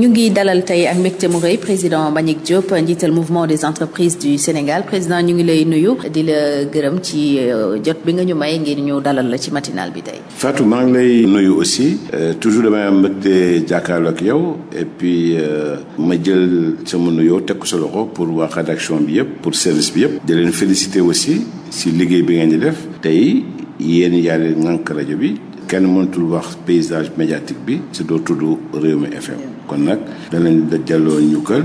ñu ngi dalal tey ak mbégte mu rëy président Mbagnick Diop njiital mouvement des entreprises du Sénégal président ñu ngi lay nuyu di la gërëm ci euh, jot bi nga ñu may ngir ñu dalal la ci matinal bi tey. Fatou maa ngi lay nuyu aussi euh, toujours damay am mbégte jàkkaarloo ak yow et puis euh, ma jël sama nuyoo teg ko sa loxo pour wax rédaction bi yëpp pour service bi yëpp. di leen féliciter aussi si liggéey bi ngeen di def tey yéen yaa leen ŋànk rajo bi. kenn mënatul wax paysage médiatique bi ci doo tudd mi FM kon nag danañ la jàlloo ñu kër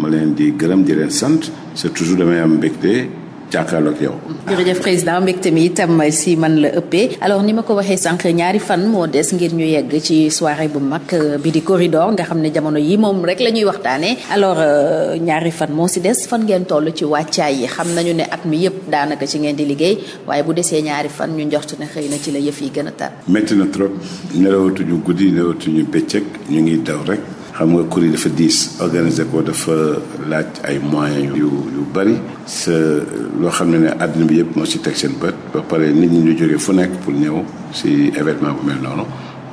ma leen di gërëm di leen sant c'est toujours damay am mbégte jàkkaarloog yow. jërëjëf président mbégte mi itam si man la ëppee alors ni ma ko waxee sànq ñaari fan moo des ngir ñu yegg ci soirée bu mag euh, bi di corridor nga xam ne jamono yi moom rek la ñuy waxtaanee alors euh, ñaari fan moo si des fan ngeen toll ci wàccaay yi xam nañu ne at mi yëpp daanaka ci ngeen di liggéey waaye bu desee ñaari fan ñu njort ne xëy na ci la yëf yi gën a tar. métti na trop nelawatuñu guddi nelawatuñu bëccëg ñu ngi daw rek. xam nga kuréel dafa diis organiser ko dafa laaj ay moyens yu yu bari sa loo xam ne ne àddina bi yëpp moo ci teg seen bët ba pare nit ñi ñu jógee fu nekk pour ñëw si événement bu mel noonu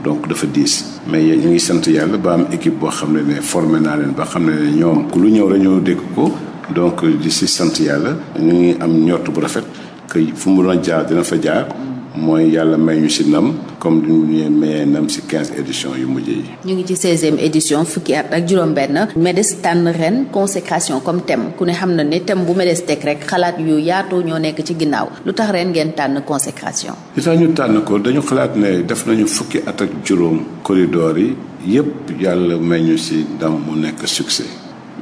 donc dafa diis mais ñu ngi sant yàlla ba am équipe boo xam ne ne formé naa leen boo xam ne ne ñoom ku lu ñëw rek ñu dégg ko donc di si sant yàlla ñu ngi am ñort bu rafet que fu mu doon jaar dina fa jaar mooy yàlla may ñu si nam comme ni ñu mayee nam si quinze éditions yu mujj yi. ñu ngi ci seizième édition fukki at ak juróom-benn. MEDES tànn ren consécration comme thème ku ne xam na ni thème bu MEDES teg rek xalaat yu yaatu ñoo nekk ci ginnaaw lu tax ren ngeen tànn consécration. li tax ñu tànn ko dañu xalaat ne def nañu fukki at ak juróom corridor yi yëpp yàlla may ñu si ndam mu nekk succès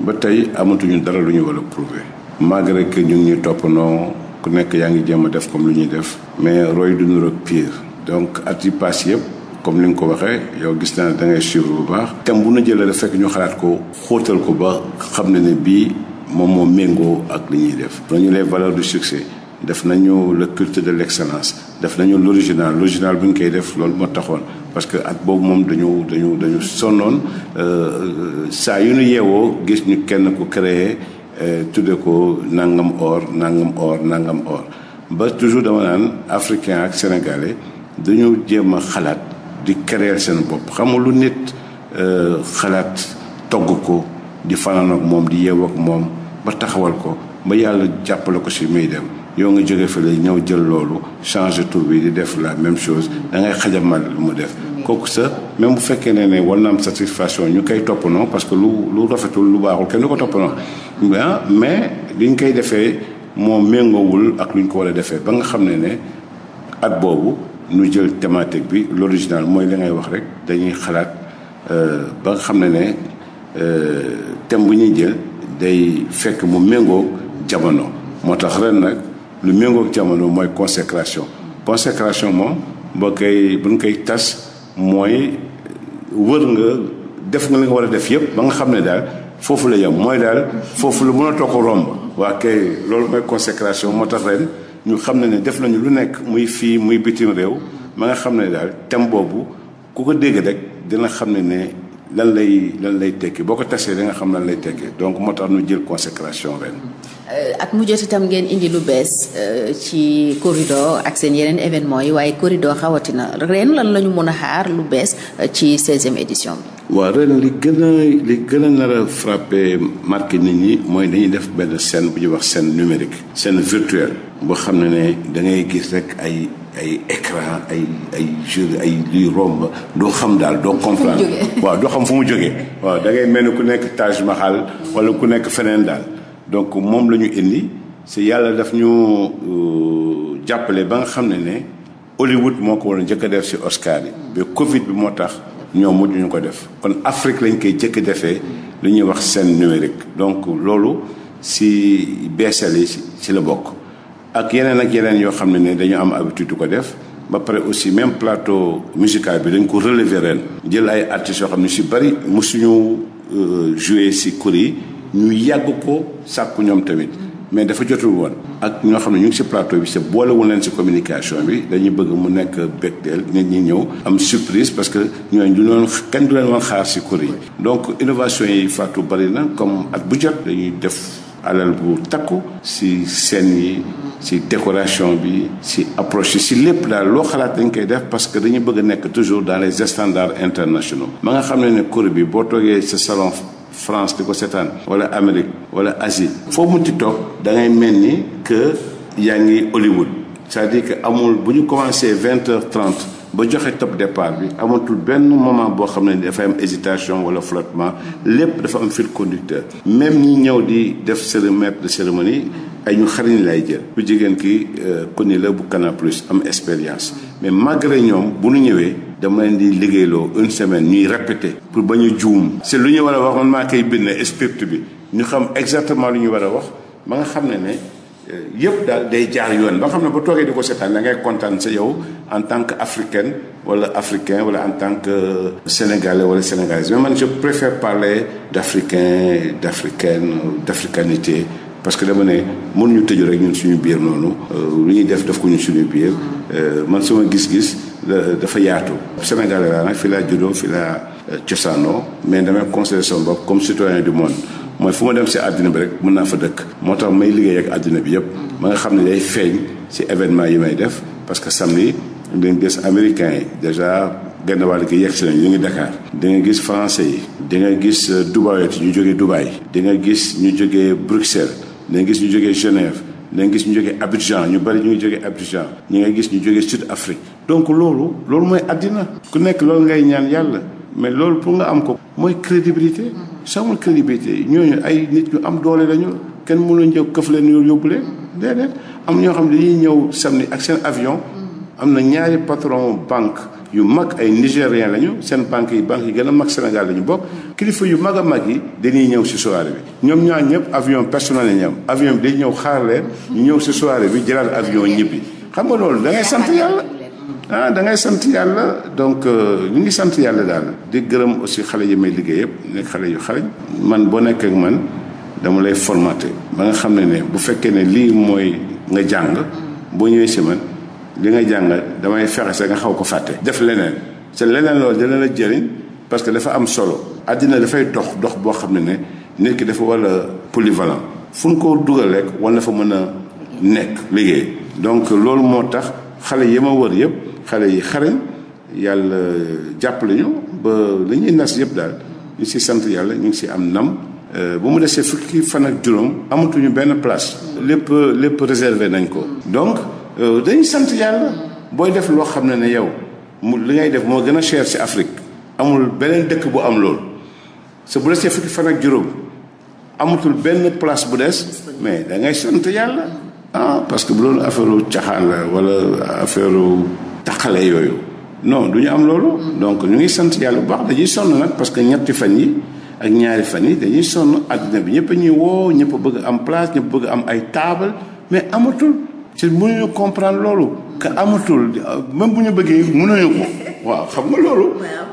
ba tey amatuñu dara lu ñu war a prouver malgré que ñu ngi ñuy toppandoo ku nekk yaa ngi jéem a def comme lu ñuy def mais roy du niroog donc at yi paas yëpp comme ni nga ko waxee yow gis naa da ngay bu baax. thème bu nu jëlee rek fekk ñu xalaat ko xootal ko ba xam ne ne bii moom moom méngoo ak li ñuy def. nañu les valeurs du succès def nañu le culte de l' excellence def nañu l' original l' original bu ñu koy def loolu moo taxoon parce que at boobu moom dañu dañu dañu sonnoon euh, euh, saa yu ñu yeewoo gis ñu kenn ku créé euh, tudde ko nangam or nangam or nangam or ba toujours dama naan africain ak sénégalais. dañoo jéem a xalaat di créer seen bopp xamul lu nit euh, xalaat togg ko di fanaan moom di yeew moom ba taxawal ko ba yàlla jàppale ko si muy dem yow nga jóge fële ñëw jël loolu changer tur bi di def la même chose da ngay xajamal lu mu def. kooku sa même bu fekkee ne ne war na am satisfaction ñu koy toppandoo parce que lu lu rafetul lu baaxul kenn du ko toppandoo ah mais liñ koy defee moo méngoowul ak luñ ko war defee ba nga xam ne ne at boobu. nu jël thématique bi l'original mooy li ngay wax rek dañuy xalaat euh, ba nga xam ne ne euh, thème bu ñuy jël day fekk mu méngoo jamono moo tax ren nag lu méngoo jamono mooy consécration consécration moom boo koy bu ñu koy tas mooy wër nga def nga li nga war a def yëpp ba nga xam ne daal foofu la yem mooy daal foofu la mën a toog romb waa kay loolu mooy consécration moo tax ren ñu xam ne ne def nañu lu nekk muy fii muy bitim réew ma nga xam ne daal thème boobu ku ko dégg rek dina xam ne ne lan lay lan lay tekki boo ko tasee da nga xam lan lay tekki donc moo tax ñu jël consécration ren. Euh, at mu jot itam ngeen indi lu bees euh, ci corridor ak seen yeneen événement yi waaye corridor xawatina ren lan la ñu mën a xaar lu bees euh, ci 16e édition bi. waaw ren li gën a li gën a nar a frappé nit ñi mooy dañuy def benn scène bu ñuy wax scène numérique scène virtuelle. boo xam ne ne da ngay gis rek ay ay écran ay ay jeu ay luy romb doo xam daal doo comprendre waaw doo xam fu mu jógee waaw dangay mel ni ku nekk Taj Mahal wala ku nekk feneen daal donc moom la ñu indi si yàlla daf ñu euh, jàppale ba nga xam ne ne Hollywood moo ko war a njëkk a def si Oscar yi mais Covid bi moo tax ñoom mujj ñu ko def kon Afrique lañ koy jëkk defee lu ñuy wax scène numérique donc loolu si beesal yi si la bokk ak yeneen ak yeneen yoo xam ne ne dañu am du ko def ba pare aussi même plateau musical bi dañ ko relever ren. jël ay artistes yoo xam ne si bëri mosuñu euh, jouer si kur yi ñu yàgg ko sàkku ñoom tamit mais dafa jotul woon. ak ñoo xam ne ñu ngi si plateau bi c'est boolewul leen si communication bi dañuy bëgg mu nekk békteel nit ñi ñëw. am surprise parce que ñooñu du doon kenn du leen woon xaar si kur yi. donc innovation yi fàttu bëri na comme at bu jot dañuy def. alal bu takku si seen yi si décoration bi si approche yi si lépp daal loo xalaat dañ koy def parce que dañu bëgg a nekk toujours dans les standards internationaux ma nga xam ne ne kur bi boo toogee sa salon France di ko seetaan wala Amérique wala asi foo munti toog da ngay mel ni que yaa ngi Hollywood cest dire que amul bu ñu commencé vingt heures trente ba joxe top départ bi amatul benn moment boo xam ne dafa am hésitation wala flottement lépp dafa am fil conducteur même ñi ñëw di def cér maître de cérémonie ay ñu xariñ lay jël bu jigéen ki koni euh, la bu Canal Plus am expérience mais malgré ñoom bu ñu ñëwee dama leen di liggéeyloo une semaine ñuy répété pour ba ñu juum c'est lu ñu war a wax man maa koy bind script bi ñu xam exactement lu ñu war a wax ba nga xam ne ne yëpp daal day jaar yoon ba xam ne ba toogee di ko seetaan da ngay kontaan sa yow en tant que africaine wala africain wala en tant que euh, sénégalais wala sénégalaise mais man je préfère parler d' africain d' africaine d' africanité parce que dama ne mën ñu tëju rek ñun suñu biir noonu euh, lu ñuy def def ko ñun suñu biir euh, man suma gis-gis dafa yaatu sénégalais laa nag fi laa juddoo fi laa cosaanoo mais damay considéré sama comme citoyen du monde mooy fu ma dem si àddina bi rek mën naa fa dëkk moo tax may liggéey ak àddina bi yëpp ma nga xam ne day feeñ si événement yi may def parce que samedi américain yi déjà genn gi yegg si nañu ñu ngi Dakar da nga gis français yi di nga gis euh, dubayote ñu jógee Dubaï di nga gis ñu jógee Bruxelles da nga gis ñu jógee Genève da gis ñu jógee Abidjan ñu bari ñu ngi jógee Abidjan ñi nga gis ñu jóge Sud Afrique donc loolu loolu mooy àddina ku nekk loolu ngay ñaan yàlla mais loolu pour nga am ko mooy crédibilité samul crédibilité ñooñu ay nit ñu am doole lañu kenn mënul njëw këf leen yow yóbbu leen déedéet am ñoo xam ne dañuy ñëw samedi ak seen avion am na ñaari patron banque yu mag ay nigérien lañu seen banque yi banque yi gën a mag Sénégal lañu bokk kilifa yu mag a mag yi dañuy ñëw ci soirée bi ñoom ñaar ñëpp avion personnel la ñu avion bi day ñëw xaar ñu ñëw si soirée bi jëlaat avion ñibbi xam nga loolu da sant yàlla ah da ngay sant yàlla donc euh, ñu ngi sant yàlla daal di gërëm aussi xale yi may liggéey yëpp nekk xale yu xarañ man boo nekkee man dama lay formaté ba nga xam ne ne bu fekkee ne lii mooy nga jàng boo ñëwee si man li jàng damay fexe sa nga xaw ko fàtte def leneen sa leneen loolu dina la jëriñ parce que dafa am solo àddina dafay dox dox boo xam ne ne nit ki dafa war a polyvalent fu ñu ko dugal rek wala fa mën a nekk liggéey donc loolu moo tax xale yi ma wër yëpp xale yi xarañ yàlla jàppale ñu ba li ñuy nas yëpp daal ñu si sant yàlla ñu ngi si am nam euh, bu mu desee fukki fan ak juróom amatuñu benn place lépp lépp réservé nañ ko donc euh, dañuy sant yàlla booy def loo xam ne ne yow mu li ngay def moo gën a cher si Afrique amul beneen dëkk bu am loolu sa bu desee fukki ak juróom amatul benn place bu des mais da sant yàlla ah parce que bu loolu affaire u caxaan la wala affaire taxale yooyu non du ñu am loolu donc ñu ngi sant yàlla bu baax dañuy sonn nag parce que ñetti fan yi ak ñaari fan yi dañuy sonn àddina bi ñëpp a ñuy woo ñëpp a bëgg am place ñëpp bëgg am ay taabal mais amatul mu mënuñu comprendre loolu que amatul même bu ñu bëggee mënuñu ko waaw xam nga loolu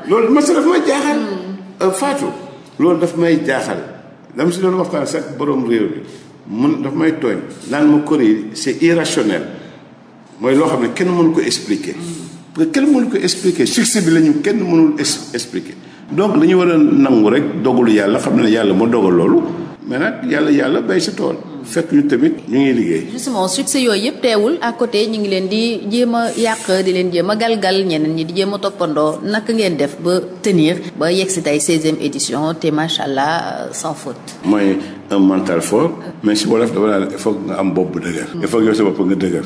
loolu masa daf may jaaxal euh, Fatou loolu dafa may jaaxal dama si doon waxtaan sax borom réew bi mun daf may tooñ naan ma Corée c'est irrationnel mooy loo xam ne kenn mënu ko expliquer. parce que kenn mënu ko succès bi la ñu kenn mënul expliquer donc dañu war a nangu rek dogalu yàlla xam ne yàlla moo dogal loolu mais nag yàlla yàlla bay sa tool. fekk ñu tamit ñu ngi liggéey. justement succès yooyu yëpp teewul à côté ñu ngi leen di jéem a yàq di leen jéem a galgal ñeneen ñi di jéem a toppandoo naka ngeen def ba tenir ba yegg si tey seizième édition te macha allah euh, sans faute. mooy un mental fort. mais si wolof dafa naan il faut nga am bopp bu dëgër. il faut yow sa bopp nga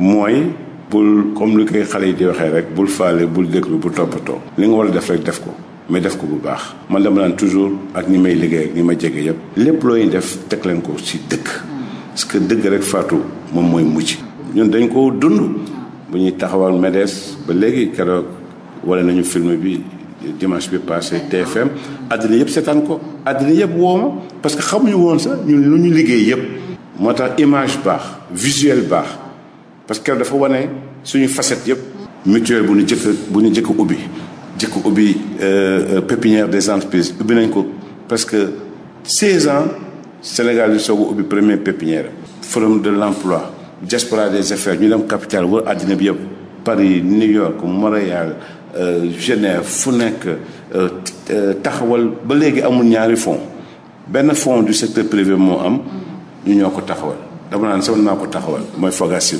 mooy bul comme li koy xale yi di waxee rek bul faale bul déglu bu toppatoo li nga war a def rek def ko mais def ko bu baax man dama naan toujours ak ni may liggéey ak ñi ma jege yëpp lépp looy def teg leen ko si dëgg parce que dëgg rek faatu moom mooy mucc ñun dañ ko dund bu ñuy taxawal MEDES ba léegi keroog wala nañu film bi dimanche bi passé TFM àddina yëpp seetaan ko àddina yëpp woo ma parce que xamuñu woon sax ñun lu ñu liggéey yëpp moo tax image baax visuel baax parce que dafa wane suñu facette yëpp. mutuelle bu ñu jëkk bu ñu jëkk ubbi jëkk ubbi euh, euh, pépinière des entreprises ubbi nañ ko parce que 16 ans Sénégal yi soog a ubbi premier pépinière. forum de l'emploi diaspora des affaires ñu dem capital wër àddina bi yëpp Paris New York Montréal euh, Genève fu nekk taxawal ba léegi amul ñaari fonds benn fonds du secteur privé moo am ñu ñoo ko taxawal dama naan sama naa ko taxawal mooy Fogasim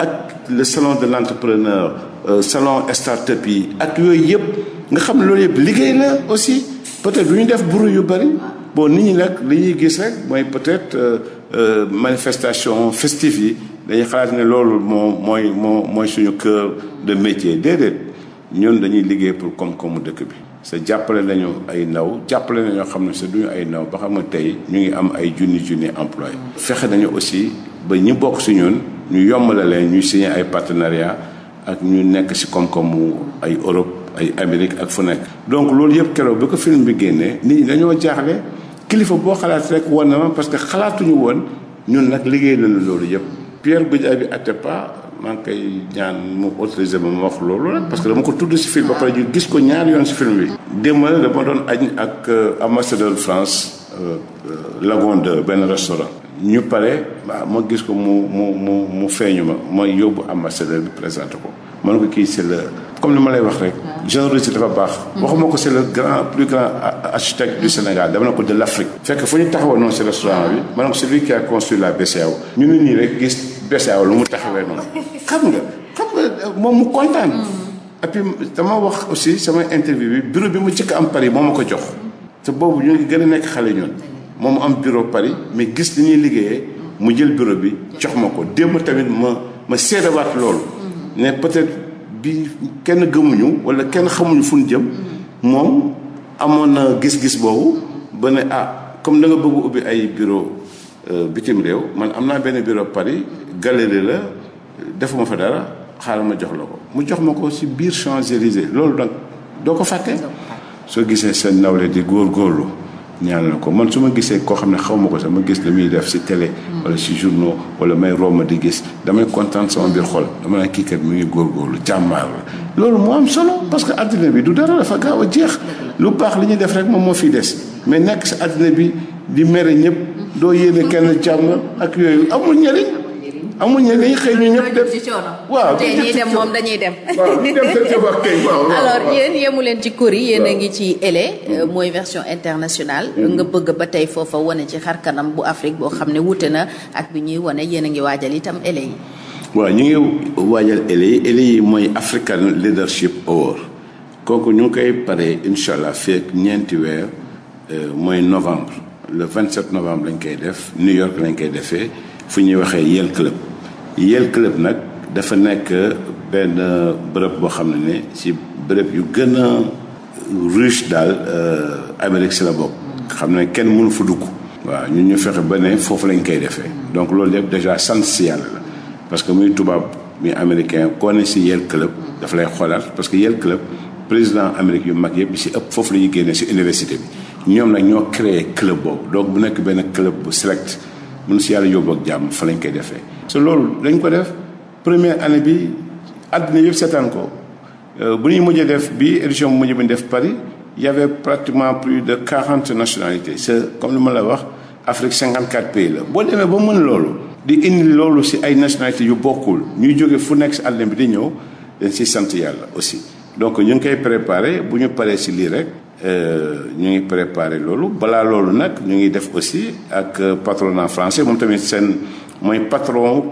ak le salon de l'entrepreneur euh, salon start-up yi ak yooyu yëpp nga xam loolu yëpp liggéey na aussi peut bu ñu def bruit yu bari bon nit ñi nag li ñuy gis rek mooy peut-être euh, euh, manifestation festive yi dañuy xalaat ne loolu moo mooy moo mooy suñu cœur de métier déedéet ñun dañuy liggéey pour koom-koomu dëkk bi sa jàppale nañu ay ndaw jàppale nañoo xam ne sa duñu ay ndaw ba xam ne tey ñu ngi am ay junni junni employé fexe nañu aussi ba ñi bokk si ñun ñu yombale leen ñuy signé ay partenariat ak ñu nekk si koom mu ay Europe ay Amérique ak fu nekk donc loolu yëpp keroog bi ko film bi génnee nit ñi dañoo jaaxle kilifa boo xalaat rek wan na ma parce que xalaatuñu woon ñun nag liggéey nañu loolu yëpp Pierre Goudiaby Atepa maa ngi koy ñaan mu autorisé ma ma wax loolu rek parce que dama ko tudd si film ba pare ñu gis ko ñaar yoon si film bi. démb nag dama doon añ ak euh, ambassadeur France euh, euh, Lagon 2 benn restaurant. ñu pare waaw ma gis ko mu mu mu mu feeñu ma ma yóbbu ambassadeur bi présenté ko ma ko kii c'est le comme li ma lay wax rek. générosité dafa baax. waxuma ko c'est le grand plus grand architecte du Sénégal dama ne ko de l'Afrique. fekk fu ñu taxawoon noonu si restaurant bi ma ne ko c'est lui qui Bessaaw lu mu taxawee noonu xam nga xam nga moom mu kontaan. Mm. et puis dama wax aussi sama interview bi bureau bi mu jëkk am Paris moom ma ko jox. te boobu ñu ngi gën a nekk xale ñun. moom mu am bureau Paris mais gis li ñuy liggéeyee mu jël bureau bi jox ma ko démb tamit ma ma seedewaat loolu. Mm. ne peut-être bi kenn gëmuñu walla kenn xamuñu fu jëm. Mm. moom amoon na gis-gis boobu ba ne ah comme da nga bëgg ubbi ay bureau Euh, bitim réew man am naa benn bureau Paris galerie la defuma fa dara xaaral ma jox la ko mu jox ma ko si biir champs loolu nag doo ko fàtte. soo gisee seen nawle di góorlu ñaan na ko man su ma gisee koo xam ne xaw ma ko sax ma gis li muy def si télé. Hmm. wala si journaux wala may romb di gis damay kontaan sama biir xol dama naan kii kat mi ngi góorgóorlu jàmbaar la. loolu moo am solo parce que addina bi du dara dafa gaaw a jeex. lu baax li ñuy def rek moom moo fi des mais nekk si addina bi di mere ñëpp. doo yéene kenn càmm ak yooyu amul njëriñ. amul njëriñ xëy ñu ñëpp def waaw te dem moom dañuy dem. alors yéen yemu leen ci kori yéen ngi ci ELE euh, mooy version internationale. Mm-hmm. nga bëgg ba tey foofa wane ci xar kanam bu Afrique boo xam ne wute na ak bi ñuy wone yéen a ngi waajal itam ELE yi. waaw ñu ngi waajal ELE yi ELE yi mooy African Leadership Award kooku ñu ngi koy pare incha feek ñeenti weer euh, mooy novembre. le 27 novembre lañ koy def New York lañ koy defee fu ñuy waxee Yale Club Yale Club nag dafa nekk benn bërëb boo xam ne ne ci bërëb yu gën a riche daal euh, Amérique si la bokk. xam ne kenn mënu fu dugg. waaw ñun ñu fexe ba ne foofu lañ koy defee donc loolu yëpp déjà sant si yàlla la parce que muy tubaab muy américain koo ne si Yale Club daf lay xoolaat parce que Yale Club président Amérique yu mag yëpp si ëpp foofu la ñuy génnee si université bi. ñoom lañ ñoo créé club boobu donc bu nekk benn club bu select mun si yàlla yóbbu ak jàmm fa lañ koy defee. so loolu dañ ko def première année bi àddina yëpp seetaan ko euh, bu ñuy mujjee def bi édition bu mujj bi def Paris y avait pratiquement plus de quarante nationalités c'est comme lu ma la wax Afrique cinquante quatre pays la boo demee ba mën loolu. di indi loolu si ay nationalité yu bokkul ñuy jóge fu nekk si àddina bi di ñëw dañ siy sant yàlla aussi donc ñu ngi koy préparé bu ñu paree si lii rek. Euh, ñu ngi préparer loolu balaa loolu nag ñu ngi def aussi ak euh, patronat français moom tamit seen mooy patron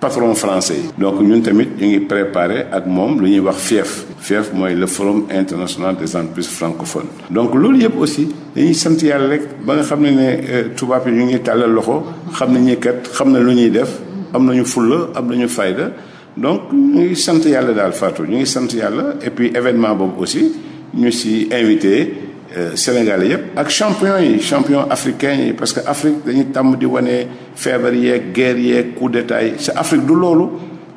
patron français donc ñun tamit ñu ngi préparer ak moom lu ñuy wax FIEF. FIEF mooy le forum international des entreprises francophones. donc loolu yëpp aussi dañuy sant yàlla rek ba nga xam ne ne euh, tubaab yi ñu ngi tàllal loxo xam nañ ni kat xam ne lu ñuy def am nañu fulla am nañu fayda donc ñu ngi sant yàlla daal Fatou ñu ngi sant yàlla et puis boobu aussi. ñu si invité euh, Sénégalais yëpp ak champion yi champion africain yi parce que Afrique dañuy tàmm di wane feebar yeeg guerre yeeg coup d'état yi sa Afrique du loolu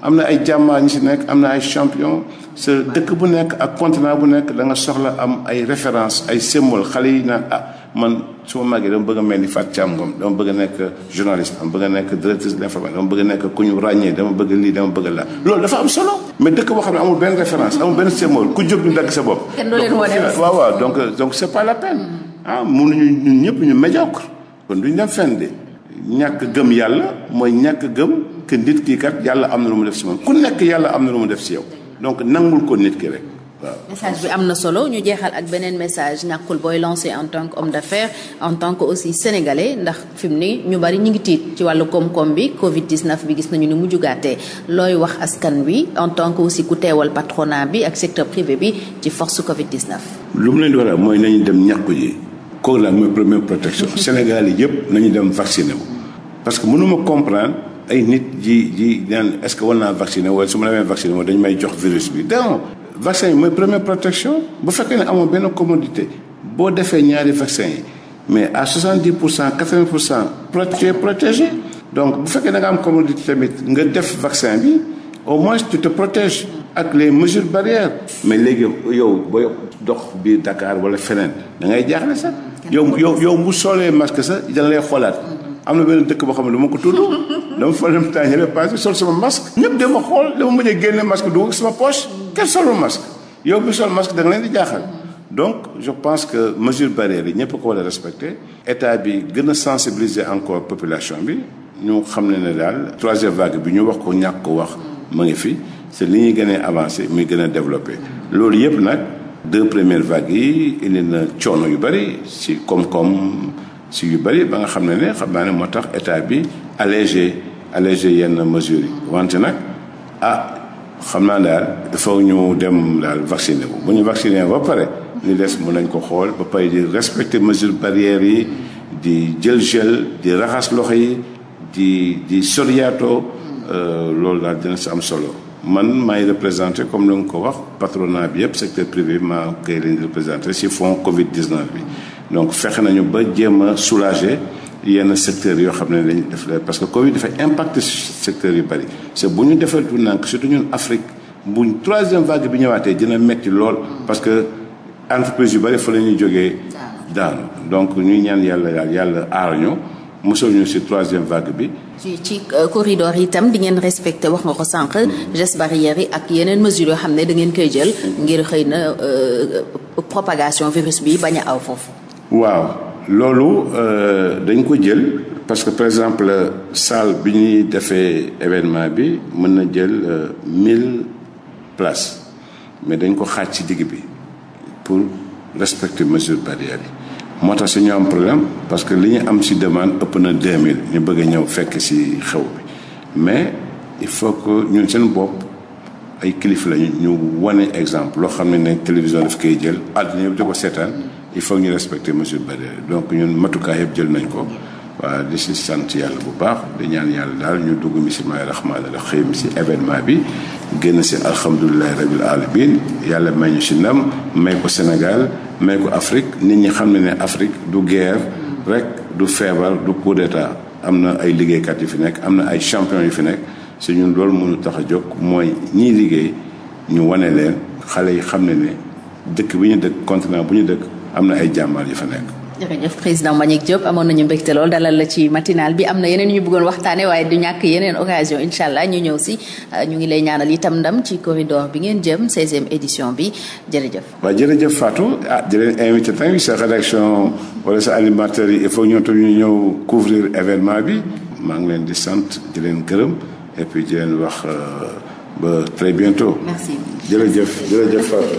am na ay jàmbaar ñi si nekk am na ay champion sa dëkk bu nekk ak continent bu nekk da nga soxla am ay référence ay symbole xale yi na ah man su ma màggee dama bëgg a mel ni Fatou Thiam Ngom dama bëgg a nekk journaliste dama bëgg a nekk directrice de l'information dama bëgg a nekk ku ñu ràññee dama bëgg lii dama bëgg laa loolu dafa am solo mais dëkk boo xam ne amul benn référence amul benn symbole ku jóg ñu dagg sa bopp waaw waaw donc donc c'est pas la peine mm. ah mënuñu ñun ñëpp ñu médiocre kon duñu dem fenn de ñàkk gëm yàlla mooy ñàkk gëm que nit kii kat yàlla am na lu mu def si moom ku nekk yàlla am na lu mu def si yow donc nangul ko nit ki rek message bi am na solo ñu jeexal ak beneen message ñàkkul booy lancé en tant que homme d'affaires en tant que aussi sénégalais ndax fi mu ni ñu bari ñu ngi tiit ci wàllu koom-koom bi Covid 19 bi gis nañu ni mu jugaatee looy wax askan wi en tant que aussi ku teewal patronat bi ak secteur privé bi ci force Covid 19. lu mu leen di waral mooy nañu dem ñàkku yi kooku daal mooy première protection. Sénégal yi yëpp nañu dem vacciné wu. parce que mënuma comprendre nit ji ji naan est-ce dañu may jox virus bi vaccin yi mooy première protection bu fekkee ne amoo benn commodité boo defee ñaari vaccin yi mais à 70 pour cent 80 pour cent tu es protégé donc bu fekkee da nga am commodité tamit nga def vaccin bi au moins tu te ak les mesures barrières mais léegi yow ba booy dox biir dakaar wala feneen da ngay jaaxle sax yow yow yow bu soolee masque sax dañ lay xoolaat mm-hmm. am na benn dëkk boo xam ne du ma ko tudd dama fa dem tànjale paase sol sama masque ñëpp dama xool dama mujj a génne masque dugg sama poche kenn solul masque yow bi sol masque da nga leen di jaaxal donc je pense que mesure barrière yi ñëpp ko war a respecter état bi gën a sensibiliser encore population bi ñu xam ne ne daal troisième vague bi ñu wax ko ñàkk ko wax ma ngi fi c'est li ñuy gën a avancé muy gën a développé loolu yëpp nag deux premières vague yi indi na coono yu bëri si koom si yu bëri ba nga xam ne ne xam naa ne moo tax état bi allégé allégé yenn mesures yi wante nag ah xam naa daal il faut ñu dem daal vacciné bu bu ñu vacciné ba pare li des mun nañ ko xool ba pare di respecter mesures barrières yi di jël gel di raxas loxo yi di di soriato euh, loolu daal dina si am solo man maay représenté comme la nga ko wax patronat bi yëpp secteur privé maa koy leen représenté si fond Covid 19 bi donc fexe nañu ba jéem a soulager yenn secteurs yoo xam ne dañ def la parce que Covid dafay impacter secteurs yu bari c'est bu ñu defal tout nànk surtout ñun Afrique bu troisième vague bi ñëwaatee dina metti lool parce que entreprise yu bari fa la ñuy jógee daanu donc ñuy ñaan yàlla daal yàlla aar ñu mosoo ñu ci troisième vague bi. ci ci euh, corridor yi tam di ngeen respecté wax nga ko sànq. Mm-hmm. gestes barrières yi ak yeneen mesures yoo xam ne da ngeen koy jël. ngir xëy na euh, propagation virus bi bañ a aw foofu. waaw loolu euh, dañ ko jël parce que par exemple euh, salle bi ñuy defee événement bi mën na jël euh, mille place mais dañ ko xaaj ci digg bi pour respecter mesure barrière yi moo tax su ñu am problème parce que li ñu am si demande ëpp na deux mille ñu bëgg a ñëw fekk ci xew bi mais il faut que ñun seen bopp ay kilifa lañu ñu wane exemple loo xam ne ne télévision daf koy jël àdduna yëpp di ko seetaan il faut ñu respecter mesure barrière donc ñun matukaay yëpp jël nañ ko waa di si sant yàlla bu baax di ñaan yàlla daal ñu dugg bismillahi rahmaani rahim si événement bi génn si alhamdulilahi rabil alamin yàlla may ñu si ndam may ko Sénégal may ko Afrique nit ñi xam ne ne Afrique du guerre rek du feebar du coup d'état am na ay liggéeykat yu fi nekk am na ay champion yu fi nekk si ñun loolu mënul tax a jóg mooy ñiy liggéey ñu wane leen xale yi xam ne ne dëkk bi ñu dëkk continent bu ñu dëkk am na ay jàmbaar yu fa nekk. jërëjëf président Mbagnick Diop amoon nañu mbégte lool dalal la ci matinal bi am na yeneen ñu bëggoon waxtaanee waaye du ñàkk yeneen occasion incha allah ñu ñëw si euh, ñu ngi lay ñaanal itam ndam ci corridor bi ngeen jëm 16e édition bi jërëjëf. waaw jërëjëf Fatou ah di leen invité tamit sa rédaction sa animateur yi il faut ñoom ñu ñëw couvrir événement bi maa ngi leen di sant di leen gërëm et puis di leen euh, ba très bientôt. merci jërëjëf jërëjëf Fatou.